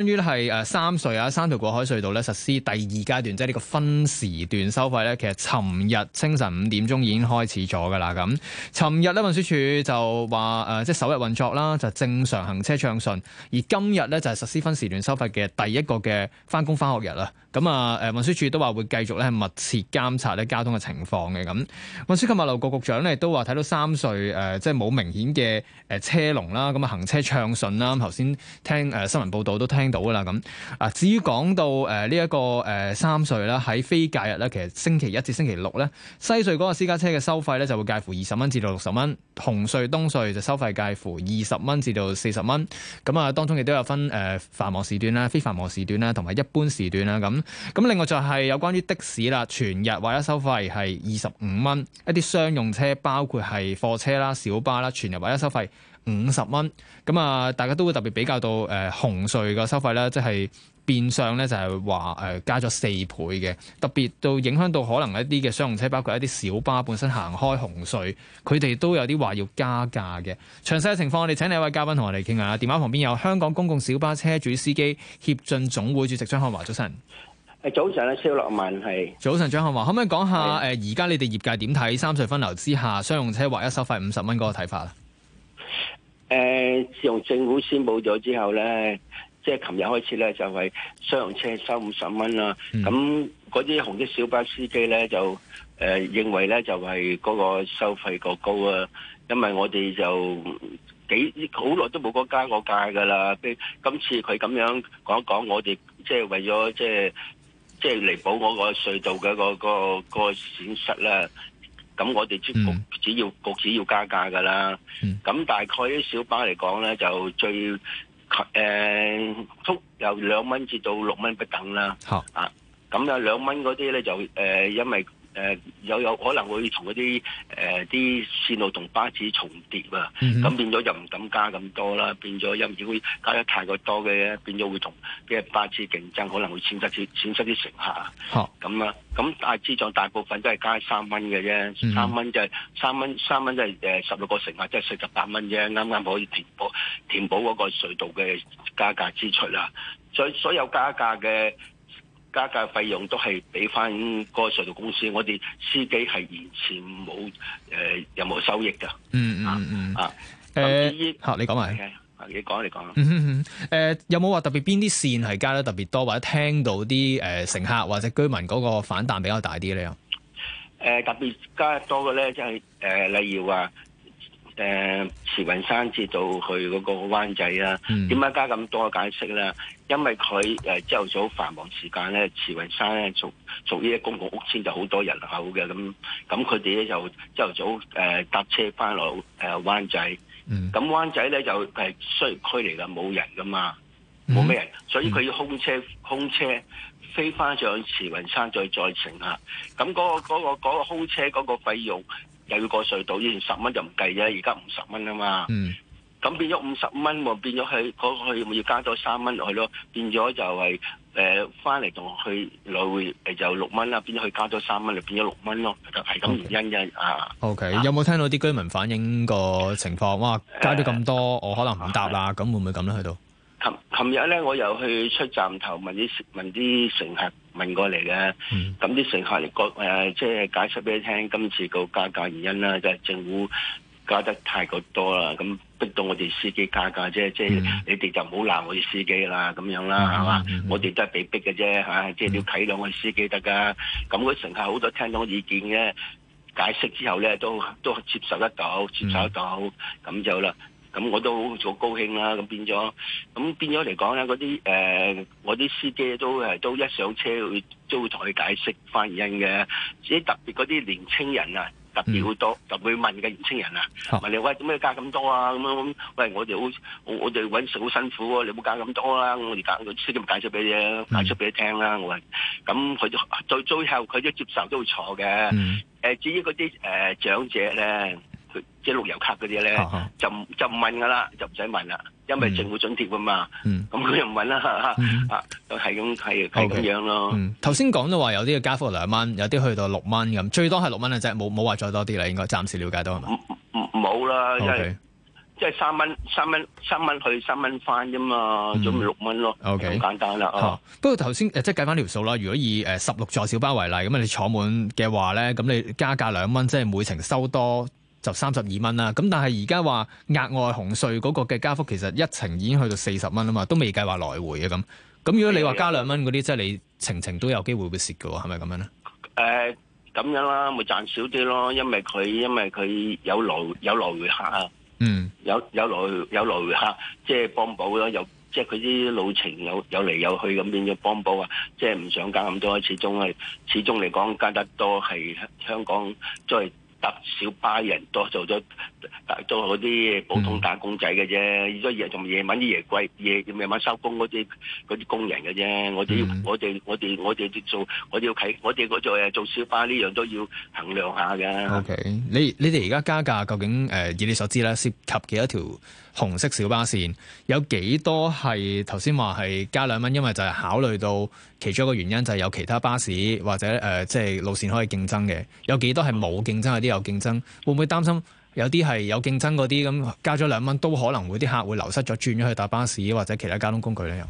終於咧係誒三隧啊，三條過海隧道咧實施第二階段，即係呢個分時段收費咧，其實尋日清晨五點鐘已經開始咗噶啦。咁尋日咧運輸署就話誒即係首日運作啦，就正常行車暢順，而今日咧就係實施分時段收費嘅第一個嘅返工返學日啦。咁啊，誒運輸署都話會繼續咧密切監察咧交通嘅情況嘅咁。運輸及物流局局長咧都話睇到三隧誒即係冇明顯嘅誒車龍啦，咁啊行車暢順啦。頭先聽誒新聞報道都聽到噶啦咁。啊，至於講到誒呢一個誒三隧啦，喺非假日咧，其實星期一至星期六咧，西隧嗰個私家車嘅收費咧就會介乎二十蚊至到六十蚊，紅隧、東隧就收費介乎二十蚊至到四十蚊。咁啊，當中亦都有分誒繁忙時段啦、非繁忙時段啦、同埋一般時段啦咁。咁另外就係有關於的士啦，全日劃一收費係二十五蚊，一啲商用車包括係貨車啦、小巴啦，全日劃一收費五十蚊。咁啊，大家都會特別比較到誒、呃、紅隧嘅收費啦，即係變相咧就係話誒加咗四倍嘅，特別到影響到可能一啲嘅商用車，包括一啲小巴本身行開紅隧，佢哋都有啲話要加價嘅。詳細嘅情況，我哋請嚟一位嘉賓同我哋傾下。電話旁邊有香港公共小巴車主司機協進總會主席張漢華，早晨。誒，早晨啊，肖樂文係。早晨，張漢華可唔可以講下誒，而家，呃、你哋業界點睇三隧分流之下，商用車或一收費五十蚊嗰個睇法？誒、嗯，自從政府宣布咗之後咧，即係琴日開始咧，就係商用車收五十蚊啦。咁嗰啲紅色小巴司機咧，就、呃、誒認為咧就係嗰個收費過高啊，因為我哋就幾好耐都冇加過價㗎噶啦。咁今次佢咁樣講一講，我哋即係為咗即係。即係，彌補嗰個隧道嘅個，個，個損失啦，咁我哋即，局，只要，局，只要加價㗎啦，咁大概啲小巴嚟講呢，就最，呃,誒、呃、有有可能會同嗰啲誒啲線路同巴士重疊啊，咁、嗯、變咗就唔敢加咁多啦，變咗有時會加得太過多嘅，變咗會同即係巴士競爭，可能會損失啲損失啲乘客。啊。咁啊，咁大致上大部分都係加三蚊嘅啫，三、嗯、蚊就係三蚊三蚊即係十六個乘客即係四十八蚊啫，啱、就、啱、是、可以填補填補嗰個隧道嘅加價支出啦。所所有加價嘅。加價費用都係俾翻嗰個隧道公司，我哋司機係完全冇誒任何收益噶。嗯嗯嗯啊，誒、啊，吓你講埋，你講、啊、你講。誒、嗯啊，有冇話特別邊啲線係加得特別多，或者聽到啲誒、呃、乘客或者居民嗰個反彈比較大啲咧？誒、啊，特別加得多嘅咧，即係誒，例如話。誒慈雲山至到去嗰個灣仔啊，點、嗯、解加咁多解釋咧？因為佢誒朝頭早繁忙時間咧，慈雲山咧屬屬於呢啲公共屋邨就好多人口嘅，咁咁佢哋咧就朝頭早誒、呃、搭車翻落誒灣仔，咁、嗯、灣仔咧就係商業區嚟噶，冇人噶嘛，冇咩人，所以佢要空車、嗯、空車，空車飛翻上慈雲山再再載乘客，咁嗰、嗰個嗰、嗰個嗰、嗰個空車嗰個費用。又要過隧道，以前十蚊就唔計啫，而家五十蚊啊嘛。咁、嗯、變咗五十蚊，我變咗係嗰個咪要加多三蚊落去咯？變咗就係誒翻嚟同去來回誒就六蚊啦，變咗佢加多三蚊，就變咗六蚊咯。就係咁原因嘅、okay. okay. 啊。OK，有冇聽到啲居民反映個情況？哇，加咗咁多，我可能唔答啦。咁、呃、會唔會咁咧？去到。琴日咧，我又去出站頭，問啲問啲乘客問過嚟嘅。咁、嗯、啲乘客嚟個即係解釋俾你聽今次個加價原因啦，就係政府加得太過多啦，咁逼到我哋司機加價，即係即係你哋就唔好鬧我哋司機啦，咁、嗯、樣啦，係、嗯、嘛、嗯？我哋都係被逼嘅啫，即、嗯、係、就是、要體諒我哋司機得噶。咁嗰乘客好多聽到意見嘅解釋之後咧，都都接受得到，接受得到，咁、嗯、就啦。咁我都好高興啦、啊，咁變咗，咁變咗嚟講咧，嗰啲誒我啲司機都都一上車會都會同佢解釋翻原因嘅，至於特別嗰啲年青人啊，特別好多就會、嗯、問嘅年青人啊，問你喂點解加咁多啊？咁樣喂我哋好我哋揾食好辛苦喎、啊，你唔好加咁多啦、啊，我哋解司咁解釋俾你解釋俾你，你聽啦、啊，我話咁佢最最後佢都接受都會坐嘅，誒、嗯、至於嗰啲誒長者咧。即係樂悠卡嗰啲咧，就就唔問噶啦，就唔使問啦，因為政府津貼噶嘛。咁、uh-huh. 佢就唔問啦，咁係咁係係咁樣咯。頭先講到話有啲加幅兩蚊，有啲去到六蚊咁，最多係六蚊啊，啫冇冇話再多啲啦。應該暫時了解到係咪？唔好啦，即係即係三蚊三蚊三蚊去三蚊返啫嘛，咁咪六蚊咯。簡單啦。不過頭先誒，即係計返條數啦。如果以誒十六座小巴為例，咁你坐滿嘅話咧，咁你加價兩蚊，即係每程收多。就三十二蚊啦，咁但係而家話額外紅隧嗰個嘅加幅，其實一程已經去到四十蚊啊嘛，都未計劃來回啊咁。咁如果你話加兩蚊嗰啲，即係你程程都有機會會蝕嘅喎，係咪咁樣咧？誒、呃，咁樣啦，咪賺少啲咯，因為佢因為佢有來有來回客啊，嗯，有有來有來回客，即係幫補咯，有即係佢啲路程有有嚟有去咁變咗幫補啊，即係唔想加咁多，始終係始終嚟講加得多係香港在。搭小巴人多做咗，做嗰啲普通打工仔嘅啫，所以日仲夜晚啲夜歸，夜夜,夜晚收工嗰啲啲工人嘅啫、嗯。我哋要我哋我哋我哋做，我哋要睇我哋嗰做誒做小巴呢樣都要衡量下嘅。OK，你你哋而家加價究竟誒、呃、以你所知咧，涉及幾多條紅色小巴線，有幾多係頭先話係加兩蚊？因為就係考慮到其中一個原因，就係有其他巴士或者誒即係路線可以競爭嘅。有幾多係冇競爭嗰啲？有競爭，會唔會擔心有啲係有競爭嗰啲咁加咗兩蚊，都可能會啲客會流失咗，轉咗去搭巴士或者其他交通工具咧？又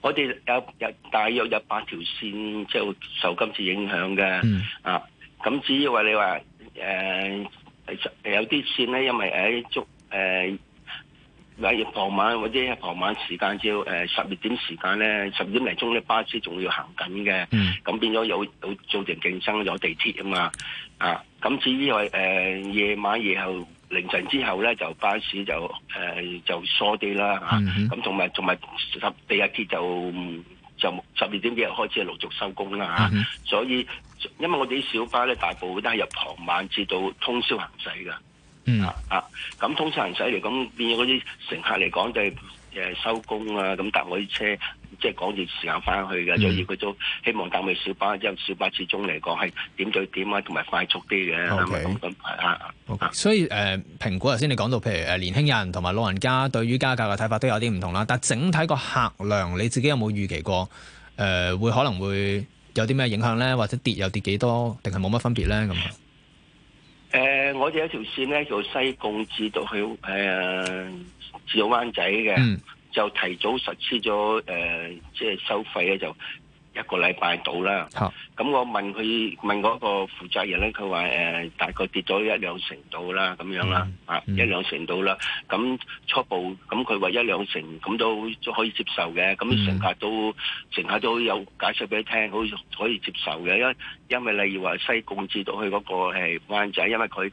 我哋有有大約有八條線，即、就、係、是、受今次影響嘅、mm. 啊。咁至於話你話誒、呃、有啲線咧，因為喺足誒。呃例如傍晚或者傍晚時間只要誒十二點時間咧，十二點零鐘咧，巴士仲要行緊嘅，咁、mm-hmm. 變咗有有做成競爭有地鐵啊嘛，啊咁至於係、呃、夜晚夜後凌晨之後咧就巴士就誒、呃、就疏啲啦，咁同埋同埋十地鐵就就十二點幾開始陸續收工啦，啊 mm-hmm. 所以因為我哋啲小巴咧大部都係由傍晚至到通宵行駛噶。嗯，啊咁、啊、通常人使嚟咁，變咗啲乘客嚟講就係、是呃、收工啊，咁搭我啲車，即、就、係、是、趕住時間翻去嘅。所以佢都希望搭美小巴，因為小巴始終嚟講係點對點、okay, 啊，同埋快速啲嘅。Okay, 啊所以誒、呃，評估頭先你講到，譬如年輕人同埋老人家對於加價嘅睇法都有啲唔同啦。但整體個客量你自己有冇預期過？誒、呃，會可能會有啲咩影響咧？或者跌又跌幾多？定係冇乜分別咧？咁誒、uh，我哋一條線咧，就西貢至到去誒至到灣仔嘅，mm. 就提早實施咗誒，即、呃、係、就是、收費咧就。一個禮拜到啦，咁我問佢問嗰個負責人咧，佢話、呃、大概跌咗一兩成度啦，咁樣啦，啊、嗯嗯、一兩成度啦，咁初步咁佢話一兩成咁都可以接受嘅，咁乘客都乘客都有解釋俾你聽，好可以接受嘅，因因為例如話西貢至到去嗰個係灣仔，因為佢。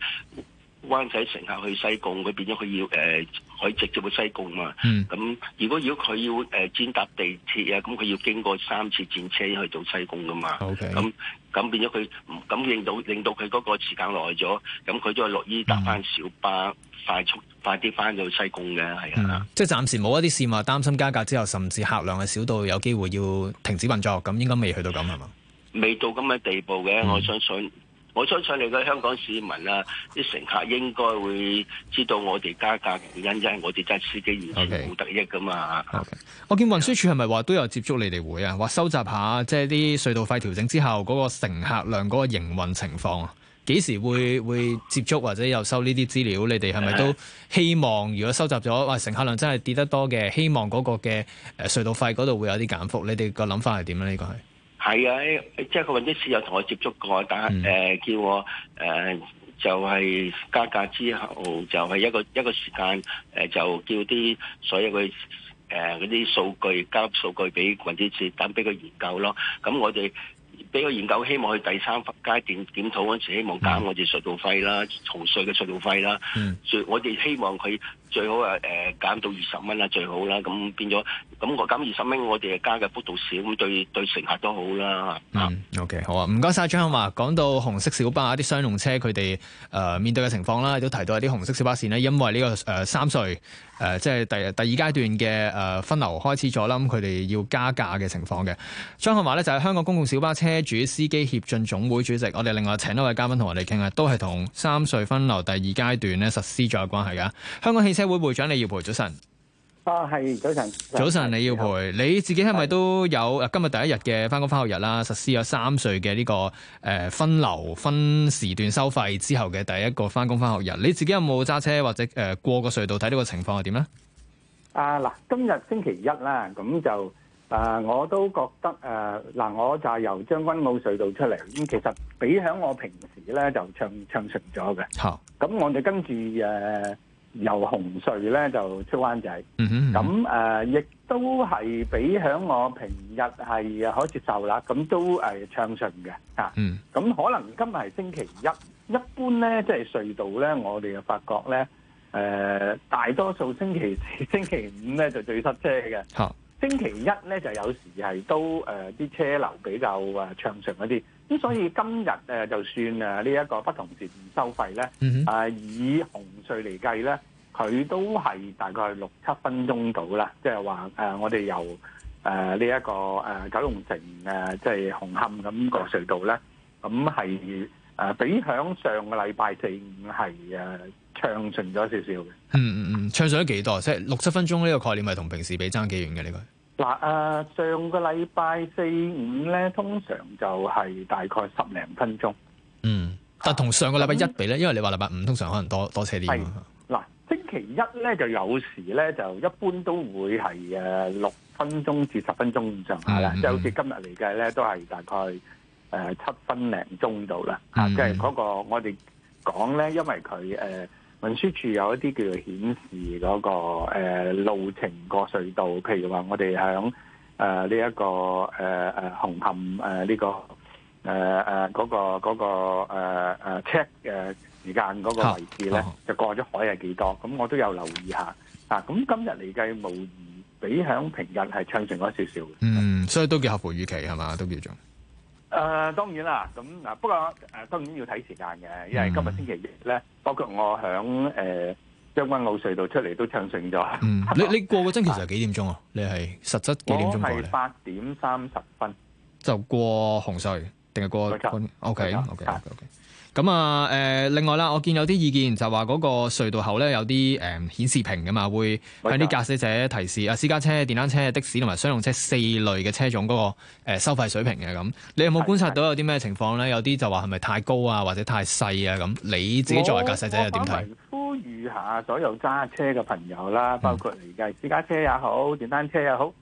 灣仔乘客去西貢，佢變咗佢要誒、呃，可以直接去西貢嘛？咁、嗯、如果如果佢要誒、呃、轉搭地鐵啊，咁佢要經過三次轉車去到西貢噶嘛？咁、okay. 咁變咗佢，咁令到令到佢嗰個時間耐咗，咁佢都係樂意搭翻小巴，嗯、快速快啲翻去西貢嘅係啊！即係暫時冇一啲線話擔心加價之後，甚至客量係少到有機會要停止運作，咁應該未去到咁係嘛？未到咁嘅地步嘅、嗯，我相信。我相信你個香港市民啊，啲乘客應該會知道我哋加價原因，因為我哋真係司機以前冇得益噶嘛。Okay. Okay. 我見運輸署係咪話都有接觸你哋會啊，話收集下即係啲隧道費調整之後嗰個乘客量、嗰個營運情況啊，幾時會會接觸或者又收呢啲資料？你哋係咪都希望如果收集咗，哇乘客量真係跌得多嘅，希望嗰個嘅誒隧道費嗰度會有啲減幅？你哋個諗法係點咧？呢個。係。係啊，即係個運輸署有同我接觸過，但係誒、呃、叫我誒、呃、就係、是、加價之後，就係一個一個時間誒、呃，就叫啲所有嘅誒嗰啲數據交數據俾運輸署，等俾佢研究咯。咁我哋俾個研究，希望佢第三級階段檢討嗰陣時，希望減我哋隧道費啦，重稅嘅隧道費啦。嗯、所以我哋希望佢。最好啊！誒、呃、減到二十蚊啦，最好啦。咁變咗，咁我減二十蚊，我哋加嘅幅度少，咁對對乘客都好啦。嗯、啊，OK，好啊。唔該晒張漢華，講到紅色小巴、啲商用車佢哋、呃、面對嘅情況啦，亦都提到啲紅色小巴線呢因為呢、這個、呃、三隧、呃、即係第第二階段嘅分流開始咗啦，咁佢哋要加價嘅情況嘅。張漢華呢，就係香港公共小巴車主司機協進總會主席，我哋另外請一位嘉賓同我哋傾下，都係同三隧分流第二階段呢實施咗嘅關係噶。香港汽車車會會長李耀培，早晨。啊，係早晨，早晨李耀培，你自己係咪都有？今日第一日嘅返工返學日啦，實施有三隧嘅呢個誒分流分時段收費之後嘅第一個返工返學日，你自己有冇揸車或者誒過個隧道睇呢個情況係點咧？啊嗱，今日星期一啦，咁就啊，我都覺得誒嗱、啊，我就係由將軍澳隧道出嚟，咁其實比響我平時咧就暢暢順咗嘅。好，咁我就跟住誒。啊由紅隧咧就出灣仔，咁、嗯、誒、呃、亦都係比響我平日係可接受啦，咁都誒、呃、暢順嘅嗯。咁可能今日係星期一，一般咧即係隧道咧，我哋就發覺咧誒、呃、大多數星期四、星期五咧就最塞車嘅。啊星期一咧就有時係都誒啲、呃、車流比較誒暢順啲，咁所以今日誒就算誒呢一個不同時段收費咧，誒、呃、以紅隧嚟計咧，佢都係大概六七分鐘到啦，即係話誒我哋由誒呢一個誒、呃、九龍城誒即係紅磡咁個隧道咧，咁係誒比響上個禮拜四五係誒。暢順咗少少嘅，嗯嗯嗯，暢順咗幾多？即係六七分鐘呢個概念係同平時比爭幾遠嘅呢個？嗱，誒、啊，上個禮拜四五咧，通常就係大概十零分鐘。嗯，但同上個禮拜一比咧、啊，因為你話禮拜五通常可能多多車啲。嗱、啊，星期一咧就有時咧，就一般都會係誒六分鐘至十分鐘咁上下啦，即係好似今日嚟計咧都係大概誒七、呃、分零鐘度啦。吓、嗯，即係嗰個我哋講咧，因為佢誒。呃運輸署有一啲叫做顯示嗰、那個、呃、路程過隧道，譬如話我哋響誒呢一個誒誒、呃、紅磡誒呢、呃這個誒誒嗰個嗰、那個、呃呃、check 誒、呃、時間嗰個位置咧、啊，就過咗海係幾多？咁我都有留意下。啊，咁今日嚟計，無疑比響平日係暢順咗少少。嗯，所以都叫合乎預期係嘛？都叫做。誒、呃，當然啦，咁啊，不過誒、呃，當然要睇時間嘅，因為今日星期日咧，包括我響誒將軍澳隧道出嚟都暢順咗。嗯，你你過個陣其實係幾點鐘啊，啊？你係實質幾點鐘過咧？我係八點三十分就過紅隧，定係過？Okay okay，okay，okay。咁啊，誒、呃，另外啦，我見有啲意見就話嗰個隧道口咧有啲誒顯示屏噶嘛，會向啲駕駛者提示啊私家車、電單車、的士同埋商用車四類嘅車種嗰、那個、呃、收費水平嘅。咁，你有冇觀察到有啲咩情況咧？有啲就話，係咪太高啊，或者太細啊咁？你自己作為駕駛者又點睇？我，我呼籲下所有揸車嘅朋友啦，包括嚟嘅私家車也好、嗯、電單車也好，誒、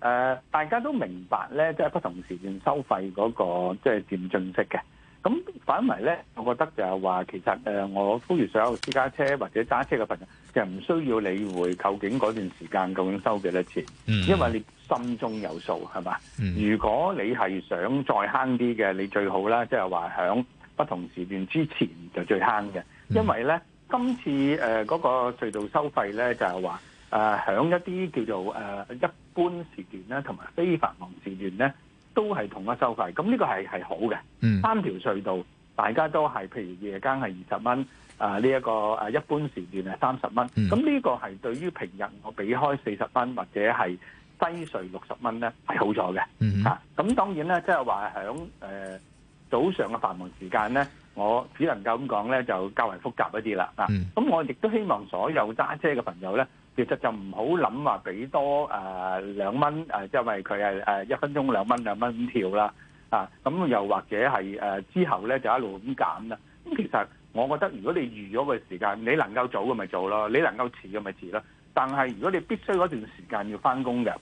呃，大家都明白咧，即、就、係、是、不同時段收費嗰、那個即係漸進式嘅。咁反為咧，我覺得就係話，其實誒、呃，我呼籲所有私家車或者揸車嘅朋友，就唔需要理會究竟嗰段時間究竟收幾多錢，mm. 因為你心中有數，係嘛？Mm. 如果你係想再慳啲嘅，你最好啦，即係話響不同時段之前就最慳嘅，mm. 因為咧今次誒嗰、呃那個隧道收費咧就係話誒響一啲叫做誒、呃、一般時段咧，同埋非繁忙時段咧。都係同一收費，咁呢個係好嘅，嗯。三條隧道，大家都係譬如夜間係二十蚊，啊呢一，呢個誒一般時段係三十蚊。咁、嗯、呢個係對於平日我俾開四十蚊或者係低稅六十蚊咧係好咗嘅。嚇、嗯，咁、啊、當然咧即係話喺早上嘅繁忙時間咧，我只能夠咁講咧就較為複雜一啲啦。咁、啊嗯、我亦都希望所有揸車嘅朋友咧，其實就唔好諗話俾多誒、呃、兩蚊誒，因為佢係誒一分鐘兩蚊兩蚊咁跳啦啊！咁又或者係誒、呃、之後咧就一路咁減啦。咁、嗯、其實我覺得如果你預咗個時間，你能夠早嘅咪早咯，你能夠遲嘅咪遲咯。但係如果你必須嗰段時間要返工嘅，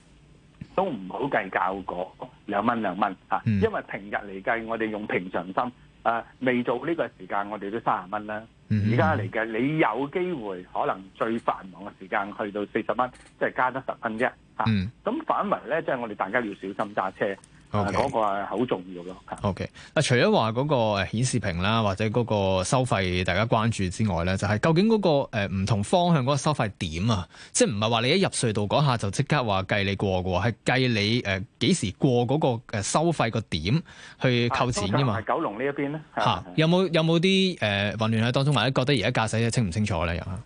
都唔好計較過兩蚊兩蚊吓，因為平日嚟計，我哋用平常心。誒、啊、未做呢個時間，我哋都三十蚊啦。而家嚟嘅，你有機會可能最繁忙嘅時間去到四十蚊，即係加得十蚊啫。嚇、啊，咁、嗯、反為咧，即、就、係、是、我哋大家要小心揸車。嗱，嗰個係好重要咯。O K，嗱，除咗話嗰個顯示屏啦，或者嗰個收費大家關注之外咧，就係、是、究竟嗰個誒唔同方向嗰個收費點啊，即係唔係話你一入隧道嗰下就即刻話計你過嘅喎，係計你誒幾時過嗰個誒收費個點去扣錢嘅嘛。咁、啊、係九龍呢一邊咧嚇、啊，有冇有冇啲誒混亂喺當中或者覺得而家駕駛者清唔清楚咧？又啊，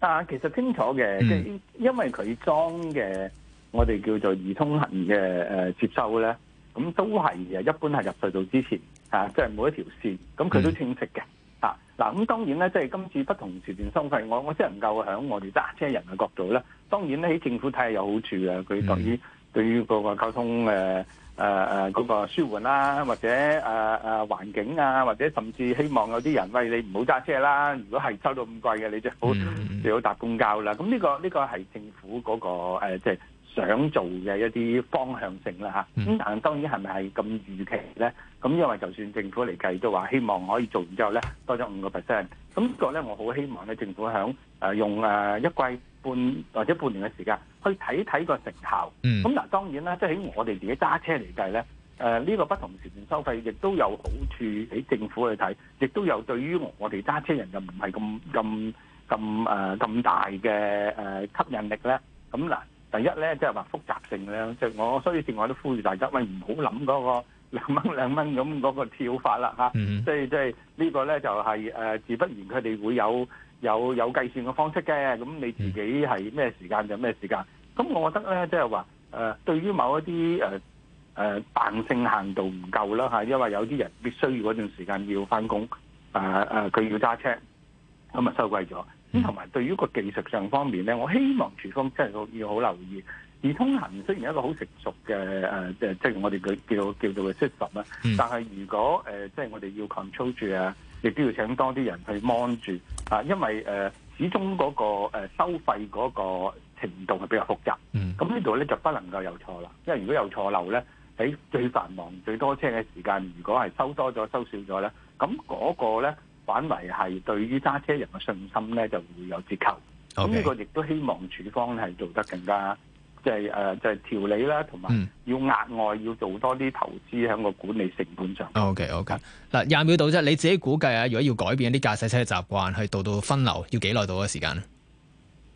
但其實清楚嘅，即係因為佢裝嘅。我哋叫做易通行嘅誒接收咧，咁都係嘅，一般係入隧道之前嚇，即係每一條線，咁佢都清晰嘅嚇。嗱咁當然咧，即係今次不同時段收費，我我真係能夠響我哋揸車人嘅角度咧。當然咧，喺政府睇係有好處嘅，佢對於對於個個交通誒誒誒嗰個舒緩啦，或者誒誒環境啊，或者甚至希望有啲人喂你唔好揸車啦。如果係收到咁貴嘅，你最好最好搭公交啦。咁呢個呢個係政府嗰個誒即係。想做嘅一啲方向性啦吓，咁但係當然係咪係咁預期咧？咁因為就算政府嚟計都話希望可以做完之後咧，多咗五個 percent，咁呢個咧我好希望咧政府喺誒用誒一季半或者半年嘅時間去睇睇個成效。咁、嗯、嗱當然啦，即係喺我哋自己揸車嚟計咧，誒、呃、呢、呢個不同時段收費亦都有好處喺政府去睇，亦都有對於我哋揸車人又唔係咁咁咁誒咁大嘅誒吸引力咧。咁嗱。呃第一咧，即係話複雜性咧，即係我所以，我都呼籲大家喂唔好諗嗰個兩蚊兩蚊咁嗰個跳法啦嚇，即係即係呢個咧就係、是、誒、呃、自不然佢哋會有有有計算嘅方式嘅，咁你自己係咩時間就咩時間。咁我覺得咧，即係話誒對於某一啲誒誒彈性限度唔夠啦嚇，因為有啲人必須要嗰段時間要翻工，誒誒佢要揸車，咁啊收貴咗。咁同埋對於個技術上方面咧，我希望署方真係要好留意。而通行雖然係一個好成熟嘅誒，即係即係我哋叫叫做叫做嘅 system 啦，但係如果誒即係我哋要 control 住啊，亦都要請多啲人去 mon 住啊，因為誒、呃、始終嗰個收費嗰個程度係比較複雜。咁呢度咧就不能夠有錯啦，因為如果有錯漏咧，喺最繁忙最多車嘅時間，如果係收多咗收少咗咧，咁嗰個咧。反為係對於揸車人嘅信心咧就會有折扣，咁、okay. 呢個亦都希望處方係做得更加，即係誒，即、呃、係、就是、調理啦，同埋要額外、嗯、要做多啲投資喺個管理成本上。OK OK，嗱廿秒到啫，你自己估計啊，如果要改變啲駕駛車的習慣去到到分流，要幾耐到嘅時間咧？誒、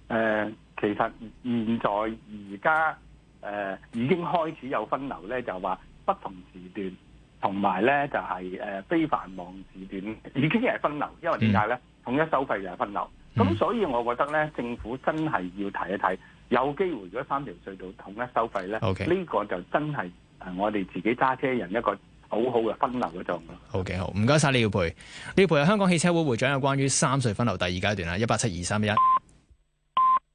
呃，其實在現在而家誒已經開始有分流咧，就話不同時段。同埋咧就係、是、誒、呃、非繁忙時段已經係分流，因為點解咧統一收費就係分流。咁、嗯、所以我覺得咧政府真係要睇一睇，有機會如果三條隧道統一收費咧，呢、okay. 個就真係誒我哋自己揸車人一個好好嘅分流嘅作用。Okay, 好嘅，好唔該晒，李耀培，李耀培係香港汽車會會長，有關於三隧分流第二階段啦，一八七二三一。